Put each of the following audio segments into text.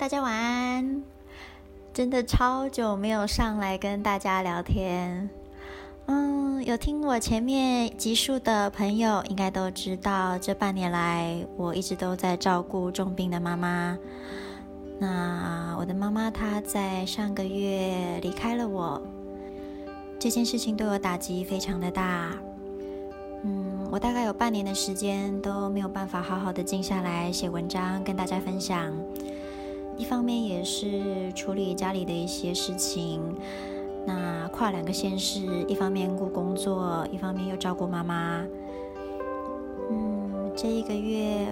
大家晚安，真的超久沒有上來跟大家聊天。嗯，有聽我前面集數的朋友應該都知道，這半年來我一直都在照顧重病的媽媽。那我的媽媽她在上個月離開了我，這件事情對我打擊非常的大。嗯，我大概有半年的時間都沒有辦法好好的靜下來寫文章跟大家分享。一方面也是處理家裡的一些事情，那跨兩個縣市，一方面顧工作，一方面又照顧媽媽。嗯，這一個月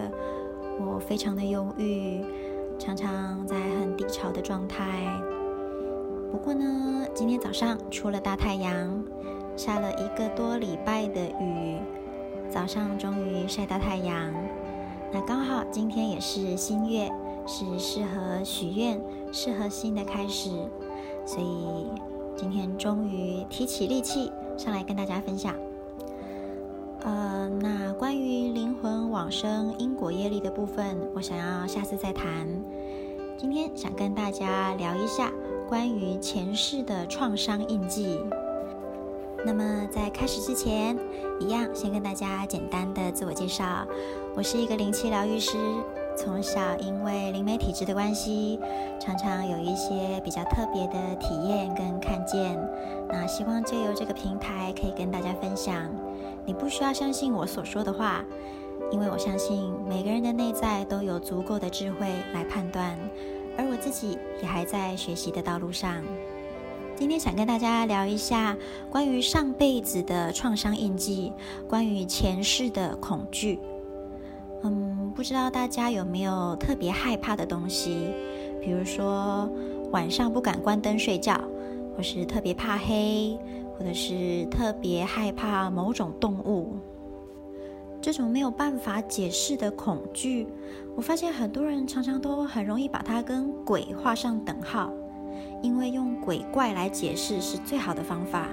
我非常的憂鬱，常常在很低潮的狀態。不過呢，今天早上出了大太陽，下了一個多禮拜的雨，早上終於曬到太陽。那剛好今天也是新月。是適合許願，適合新的開始，所以今天終於提起力氣上來跟大家分享。呃，那關於靈魂往生、因果業力的部分，我想要下次再談。今天想跟大家聊一下關於前世的創傷印記。那麼在開始之前，一樣先跟大家簡單的自我介紹，我是一個靈氣療癒師。從小，因為靈媒體質的關係，常常有一些比較特別的體驗跟看見。那希望借由這個平台，可以跟大家分享。你不需要相信我所說的話，因為我相信每個人的內在都有足夠的智慧來判斷。而我自己也還在學習的道路上。今天想跟大家聊一下關於上輩子的創傷印記，關於前世的恐懼。嗯，不知道大家有沒有特別害怕的東西，比如說晚上不敢關燈睡覺，或是特別怕黑，或者是特別害怕某種動物。這種沒有辦法解釋的恐懼，我發現很多人常常都很容易把它跟鬼畫上等號，因為用鬼怪來解釋是最好的方法，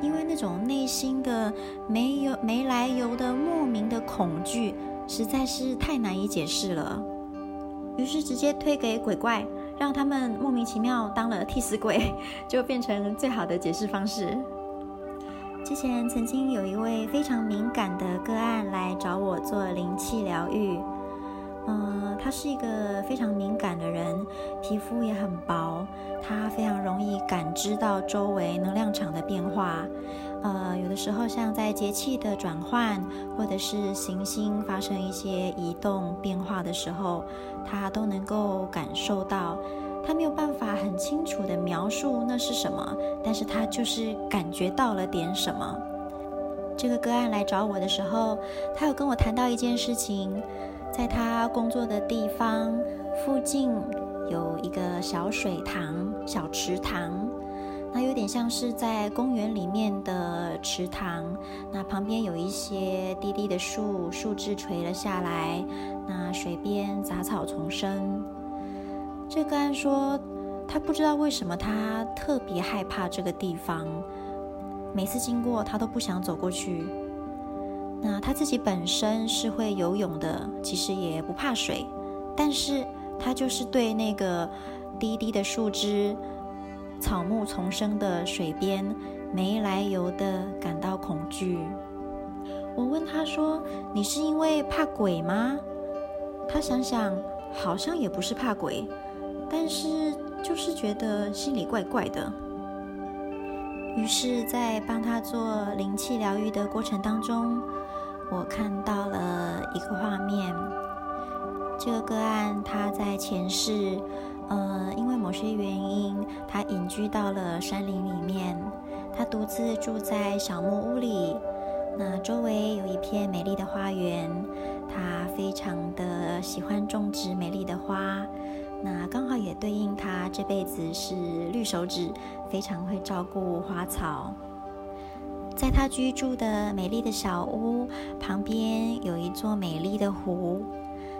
因為那種內心的沒有沒來由的莫名的恐懼。實在是太難以解釋了，於是直接推給鬼怪，讓他們莫名其妙當了替死鬼，就變成最好的解釋方式。之前曾經有一位非常敏感的個案來找我做靈氣療癒。呃，他是一個非常敏感的人，皮膚也很薄，他非常容易感知到周圍能量場的變化。呃，有的時候像在節氣的轉換，或者是行星發生一些移動變化的時候，他都能夠感受到。他沒有辦法很清楚地描述那是什麼，但是他就是感覺到了點什麼。這個個案來找我的時候，他有跟我談到一件事情。在他工作的地方附近有一個小水塘、小池塘，那有點像是在公園裡面的池塘。那旁邊有一些低低的樹，樹枝垂了下來。那水邊雜草叢生。這個案說，他不知道為什麼他特別害怕這個地方，每次經過他都不想走過去。那他自己本身是會游泳的，其實也不怕水，但是他就是對那個低低的樹枝、草木叢生的水邊沒來由的感到恐懼。我問他說：“你是因為怕鬼嗎？”他想想，好像也不是怕鬼，但是就是覺得心裡怪怪的。於是，在幫他做靈氣療癒的過程當中，我看到了一個畫面，這個個案他在前世，呃，因為某些原因，他隱居到了山林裡面，他獨自住在小木屋裡，那周圍有一片美麗的花園，他非常的喜歡種植美麗的花，那剛好也對應他這輩子是綠手指，非常會照顧花草。在他居住的美麗的小屋旁邊，有一座美麗的湖。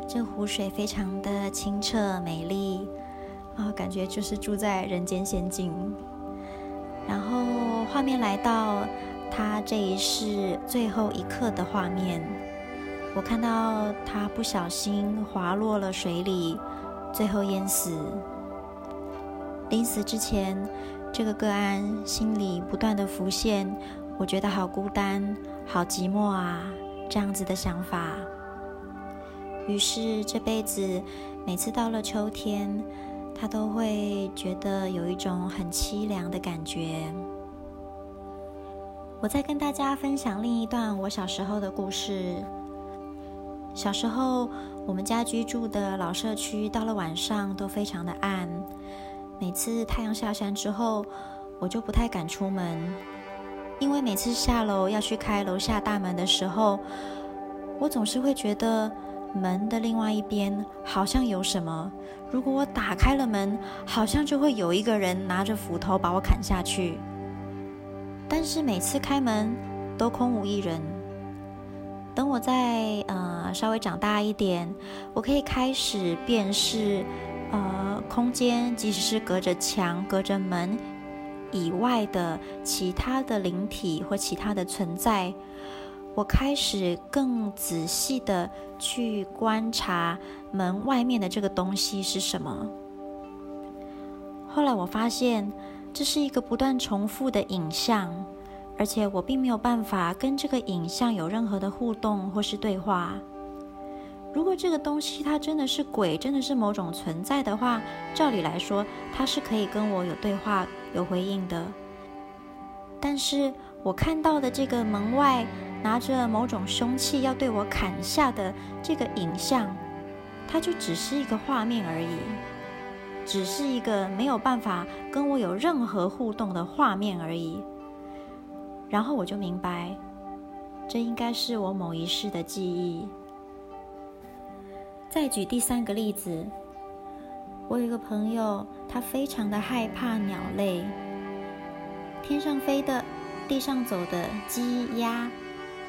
這湖水非常的清澈美麗，啊、哦，感覺就是住在人間仙境。然後畫面來到他這一世最後一刻的畫面，我看到他不小心滑落了水裡，最後淹死。臨死之前，這個個案心裡不斷地浮現。我覺得好孤單，好寂寞啊，這樣子的想法。於是這輩子每次到了秋天，他都會覺得有一種很淒涼的感覺。我再跟大家分享另一段我小時候的故事。小時候，我們家居住的老社區，到了晚上都非常的暗。每次太陽下山之後，我就不太敢出門。因為每次下樓要去開樓下大門的時候，我總是會覺得門的另外一邊好像有什麼。如果我打開了門，好像就會有一個人拿着斧頭把我砍下去。但是每次開門都空無一人。等我再呃稍微長大一點，我可以開始辨識呃空間，即使是隔着牆、隔着門。以外的其他的靈體或其他的存在，我開始更仔細的去觀察門外面的這個東西是什麼。後來我發現這是一個不斷重複的影像，而且我並沒有辦法跟這個影像有任何的互動或是對話。如果這個東西它真的是鬼，真的是某種存在的話，照理來說它是可以跟我有對話、有回應的。但是我看到的這個門外拿着某種兇器要對我砍下的這個影像，它就只是一個畫面而已，只是一個沒有辦法跟我有任何互動的畫面而已。然後我就明白，這應該是我某一世的記憶。再舉第三個例子，我有一個朋友，他非常的害怕鳥類，天上飛的，地上走的雞鴨，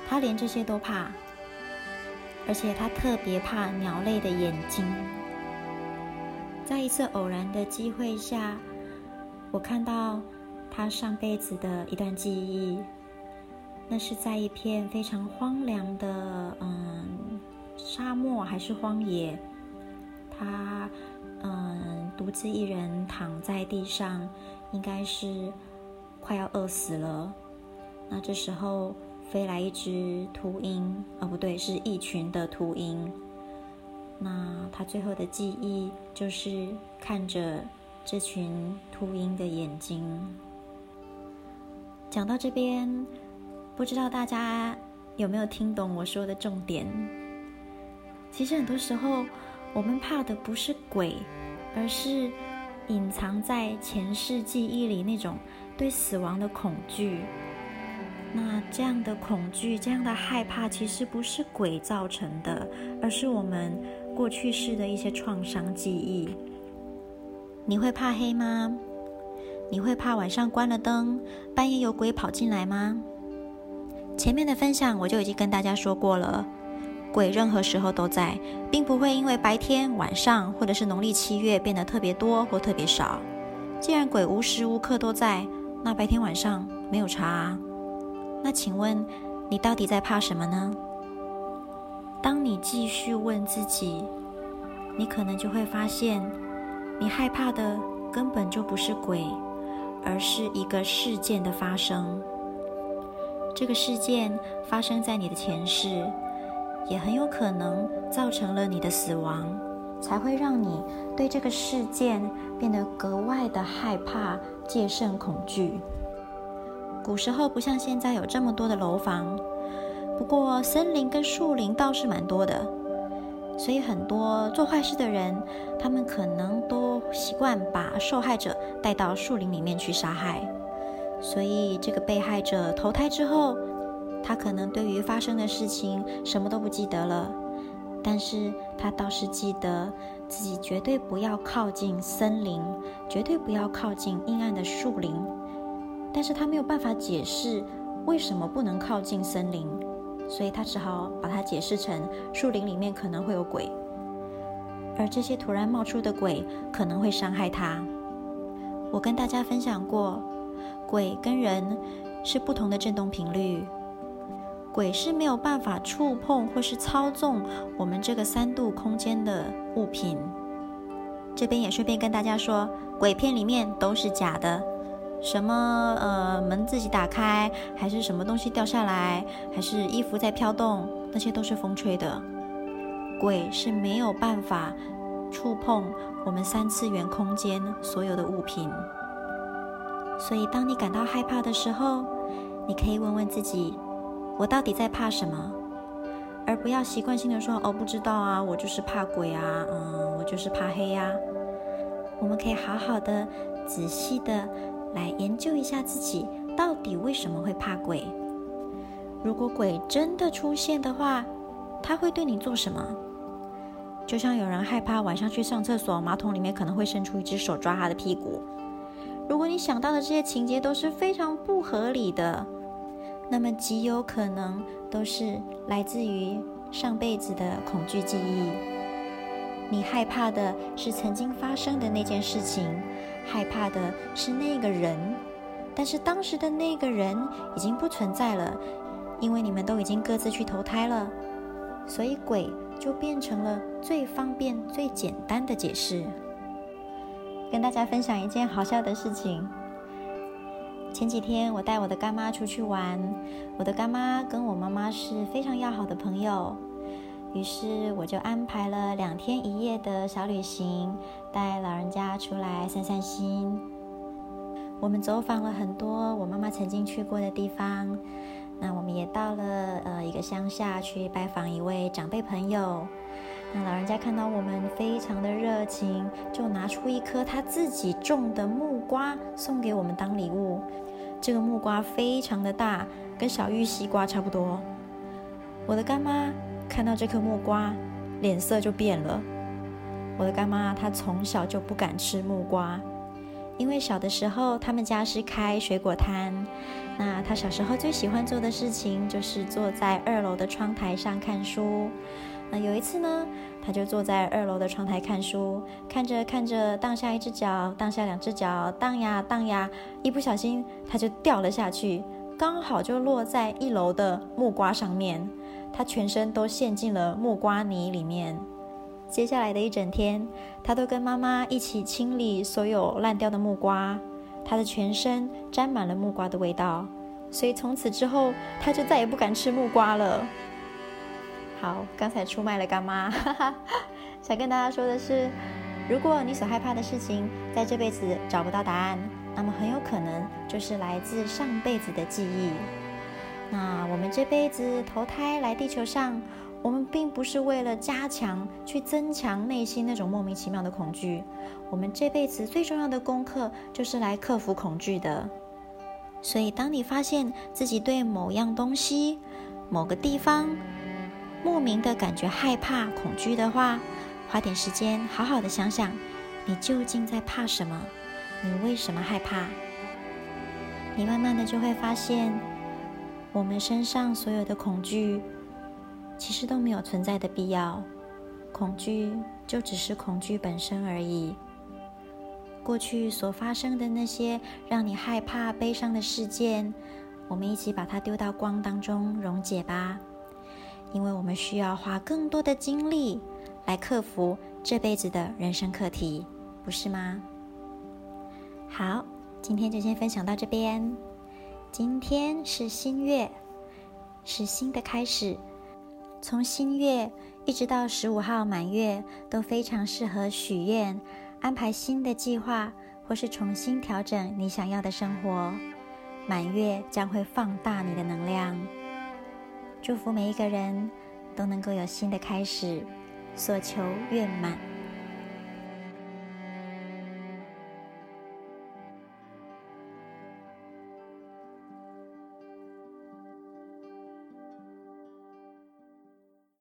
他連這些都怕，而且他特別怕鳥類的眼睛。在一次偶然的機會下，我看到他上輩子的一段記憶，那是在一片非常荒涼的，嗯。沙漠還是荒野，他嗯獨自一人躺在地上，應該是快要餓死了。那這時候飛來一隻禿鷹，哦不對，是一群的禿鷹。那他最後的記憶就是看着這群禿鷹的眼睛。講到這邊，不知道大家有沒有聽懂我說的重點？其實很多時候，我們怕的不是鬼，而是隱藏在前世記憶裡那種對死亡的恐懼。那這樣的恐懼、這樣的害怕，其實不是鬼造成的，而是我們過去世的一些創傷記憶。你會怕黑嗎？你會怕晚上關了燈，半夜有鬼跑進來嗎？前面的分享我就已經跟大家說過了。鬼任何時候都在，並不會因為白天、晚上，或者是農曆七月變得特別多或特別少。既然鬼無時無刻都在，那白天晚上沒有差，那請問你到底在怕什麼呢？當你繼續問自己，你可能就會發現，你害怕的根本就不是鬼，而是一個事件的發生。這個事件發生在你的前世。也很有可能造成了你的死亡，才會讓你對這個事件變得格外的害怕，戒慎恐懼。古時候不像現在有這麼多的樓房，不過森林跟樹林倒是蠻多的，所以很多做壞事的人，他們可能都習慣把受害者帶到樹林裡面去殺害，所以這個被害者投胎之後。他可能對於發生的事情什麼都不記得了，但是他倒是記得自己絕對不要靠近森林，絕對不要靠近陰暗的樹林。但是他沒有辦法解釋為什麼不能靠近森林，所以他只好把它解釋成樹林裡面可能會有鬼，而這些突然冒出的鬼可能會傷害他。我跟大家分享過，鬼跟人是不同的振動頻率。鬼是沒有辦法觸碰或是操縱我們這個三度空間的物品。這邊也順便跟大家說，鬼片裡面都是假的，什麼呃門自己打開，還是什麼東西掉下來，還是衣服在飄動，那些都是風吹的。鬼是沒有辦法觸碰我們三次元空間所有的物品。所以當你感到害怕的時候，你可以問問自己。我到底在怕什麼？而不要習慣性的說哦，不知道啊，我就是怕鬼啊，嗯，我就是怕黑呀。我們可以好好的、仔細的來研究一下自己到底為什麼會怕鬼。如果鬼真的出現的話，他會對你做什麼？就像有人害怕晚上去上廁所，馬桶裡面可能會伸出一隻手抓他的屁股。如果你想到的這些情節都是非常不合理的，那麼極有可能都是來自於上輩子的恐懼記憶。你害怕的是曾經發生的那件事情，害怕的是那個人，但是當時的那個人已經不存在了，因為你們都已經各自去投胎了，所以鬼就變成了最方便、最簡單的解釋。跟大家分享一件好笑的事情。前幾天我帶我的乾媽出去玩，我的乾媽跟我媽媽是非常要好的朋友，於是我就安排了兩天一夜的小旅行，帶老人家出來散散心。我們走訪了很多我媽媽曾經去過的地方，那我們也到了呃一個鄉下去拜訪一位長輩朋友，那老人家看到我們非常的熱情，就拿出一顆他自己種的木瓜送給我們當禮物。這個木瓜非常的大，跟小玉西瓜差不多。我的乾媽看到這顆木瓜，臉色就變了。我的乾媽她從小就不敢吃木瓜。因為小的時候，他們家是開水果攤，那他小時候最喜歡做的事情就是坐在二樓的窗台上看書。那有一次呢，他就坐在二樓的窗台看書，看着看着，盪下一隻腳，盪下兩隻腳，盪呀盪呀，一不小心他就掉了下去，剛好就落在一樓的木瓜上面，他全身都陷進了木瓜泥裡面。接下來的一整天，他都跟媽媽一起清理所有爛掉的木瓜，他的全身沾滿了木瓜的味道，所以從此之後，他就再也不敢吃木瓜了。好，剛才出賣了乾媽，哈哈，想跟大家說的是，如果你所害怕的事情在這輩子找不到答案，那麼很有可能就是來自上輩子的記憶。那我們這輩子投胎來地球上。我們並不是為了加強、去增強內心那種莫名其妙的恐懼。我們這輩子最重要的功課，就是來克服恐懼的。所以，當你發現自己對某樣東西、某個地方，莫名的感覺害怕、恐懼的話，花點時間好好的想想，你究竟在怕什麼？你為什麼害怕？你慢慢的就會發現，我們身上所有的恐懼。其實都沒有存在的必要，恐懼就只是恐懼本身而已。過去所發生的那些讓你害怕、悲傷的事件，我們一起把它丟到光當中溶解吧。因為我們需要花更多的精力來克服這輩子的人生課題，不是嗎？好，今天就先分享到這邊。今天是新月，是新的開始。從新月一直到十五號滿月，都非常適合許願、安排新的計劃，或是重新調整你想要的生活。滿月將會放大你的能量，祝福每一個人都能夠有新的開始，所求圓滿。